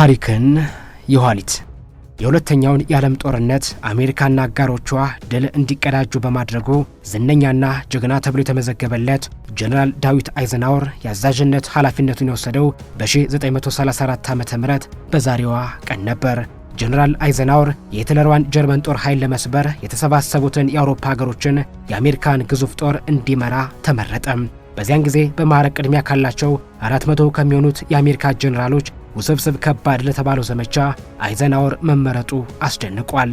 ታሪክን የኋሊት የሁለተኛውን የዓለም ጦርነት አሜሪካና አጋሮቿ ድል እንዲቀዳጁ በማድረጉ ዝነኛና ጀግና ተብሎ የተመዘገበለት ጀነራል ዳዊት አይዘናወር የአዛዥነት ኃላፊነቱን የወሰደው በ1934 ዓ ም በዛሬዋ ቀን ነበር። ጀነራል አይዘናወር የሂትለሯን ጀርመን ጦር ኃይል ለመስበር የተሰባሰቡትን የአውሮፓ ሀገሮችን የአሜሪካን ግዙፍ ጦር እንዲመራ ተመረጠም። በዚያን ጊዜ በማዕረግ ቅድሚያ ካላቸው 400 ከሚሆኑት የአሜሪካ ጀኔራሎች ውስብስብ ከባድ ለተባለው ዘመቻ አይዘናወር መመረጡ አስደንቋል።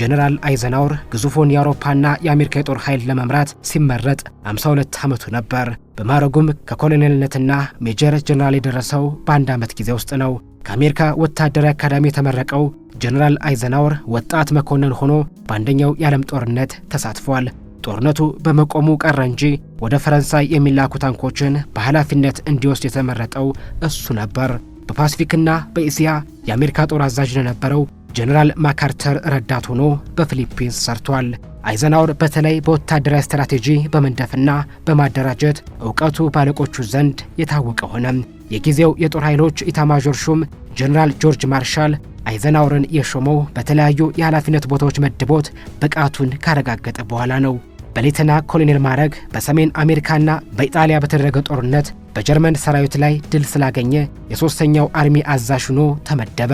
ጀነራል አይዘናወር ግዙፉን የአውሮፓና የአሜሪካ የጦር ኃይል ለመምራት ሲመረጥ 52 ዓመቱ ነበር። በማረጉም ከኮሎኔልነትና ሜጀር ጀነራል የደረሰው በአንድ ዓመት ጊዜ ውስጥ ነው። ከአሜሪካ ወታደራዊ አካዳሚ የተመረቀው ጀነራል አይዘናወር ወጣት መኮንን ሆኖ በአንደኛው የዓለም ጦርነት ተሳትፏል። ጦርነቱ በመቆሙ ቀረ እንጂ ወደ ፈረንሳይ የሚላኩ ታንኮችን በኃላፊነት እንዲወስድ የተመረጠው እሱ ነበር። በፓሲፊክና በእስያ የአሜሪካ ጦር አዛዥ ለነበረው ጀነራል ማካርተር ረዳት ሆኖ በፊሊፒንስ ሰርቷል። አይዘናወር በተለይ በወታደራዊ ስትራቴጂ በመንደፍና በማደራጀት እውቀቱ ባለቆቹ ዘንድ የታወቀ ሆነ። የጊዜው የጦር ኃይሎች ኢታማዦር ሹም ጀነራል ጆርጅ ማርሻል አይዘናወርን የሾመው በተለያዩ የኃላፊነት ቦታዎች መድቦት ብቃቱን ካረጋገጠ በኋላ ነው። በሌተና ኮሎኔል ማዕረግ በሰሜን አሜሪካና በኢጣሊያ በተደረገ ጦርነት በጀርመን ሰራዊት ላይ ድል ስላገኘ የሦስተኛው አርሚ አዛዥ ሆኖ ተመደበ።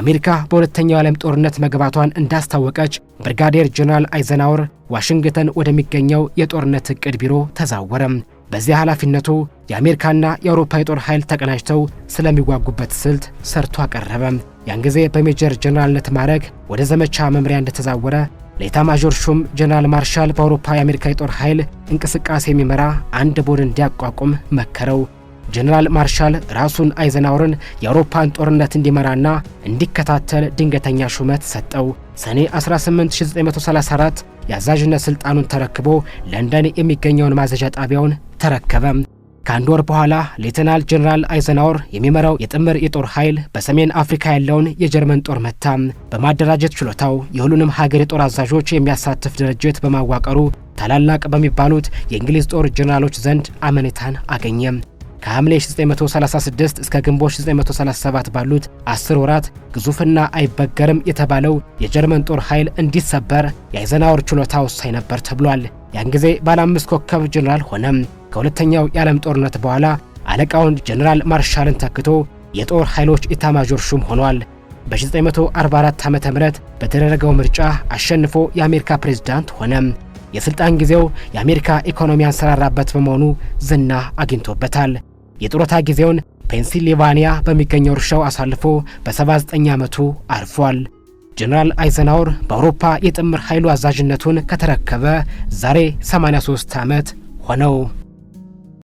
አሜሪካ በሁለተኛው ዓለም ጦርነት መግባቷን እንዳስታወቀች ብርጋዴር ጀነራል አይዘናወር ዋሽንግተን ወደሚገኘው የጦርነት ዕቅድ ቢሮ ተዛወረም። በዚያ ኃላፊነቱ የአሜሪካና የአውሮፓ የጦር ኃይል ተቀናጅተው ስለሚዋጉበት ስልት ሰርቶ አቀረበም። ያን ጊዜ በሜጀር ጀነራልነት ማዕረግ ወደ ዘመቻ መምሪያ እንደተዛወረ ሌታ ማዦር ሹም ጀነራል ማርሻል በአውሮፓ የአሜሪካ የጦር ኃይል እንቅስቃሴ የሚመራ አንድ ቡድን እንዲያቋቁም መከረው። ጀነራል ማርሻል ራሱን አይዘናወርን የአውሮፓን ጦርነት እንዲመራና እንዲከታተል ድንገተኛ ሹመት ሰጠው። ሰኔ 18 1934 የአዛዥነት ሥልጣኑን ተረክቦ ለንደን የሚገኘውን ማዘዣ ጣቢያውን ተረከበም። ከአንድ ወር በኋላ ሌተናል ጀኔራል አይዘናወር የሚመራው የጥምር የጦር ኃይል በሰሜን አፍሪካ ያለውን የጀርመን ጦር መታ በማደራጀት ችሎታው የሁሉንም ሀገር የጦር አዛዦች የሚያሳትፍ ድርጅት በማዋቀሩ ታላላቅ በሚባሉት የእንግሊዝ ጦር ጀነራሎች ዘንድ አመኔታን አገኘም። ከሐምሌ 936 እስከ ግንቦት 937 ባሉት 10 ወራት ግዙፍና አይበገርም የተባለው የጀርመን ጦር ኃይል እንዲሰበር የአይዘናወር ችሎታ ወሳኝ ነበር ተብሏል። ያን ጊዜ ባለ አምስት ኮከብ ጀነራል ሆነም። ከሁለተኛው የዓለም ጦርነት በኋላ አለቃውን ጀነራል ማርሻልን ተክቶ የጦር ኃይሎች ኢታማዦር ሹም ሆኗል። በ1944 ዓ ም በተደረገው ምርጫ አሸንፎ የአሜሪካ ፕሬዝዳንት ሆነ። የሥልጣን ጊዜው የአሜሪካ ኢኮኖሚ አንሰራራበት በመሆኑ ዝና አግኝቶበታል። የጡረታ ጊዜውን ፔንሲልቫኒያ በሚገኘው እርሻው አሳልፎ በ79 ዓመቱ አርፏል። ጀነራል አይዘናውር በአውሮፓ የጥምር ኃይሉ አዛዥነቱን ከተረከበ ዛሬ 83 ዓመት ሆነው።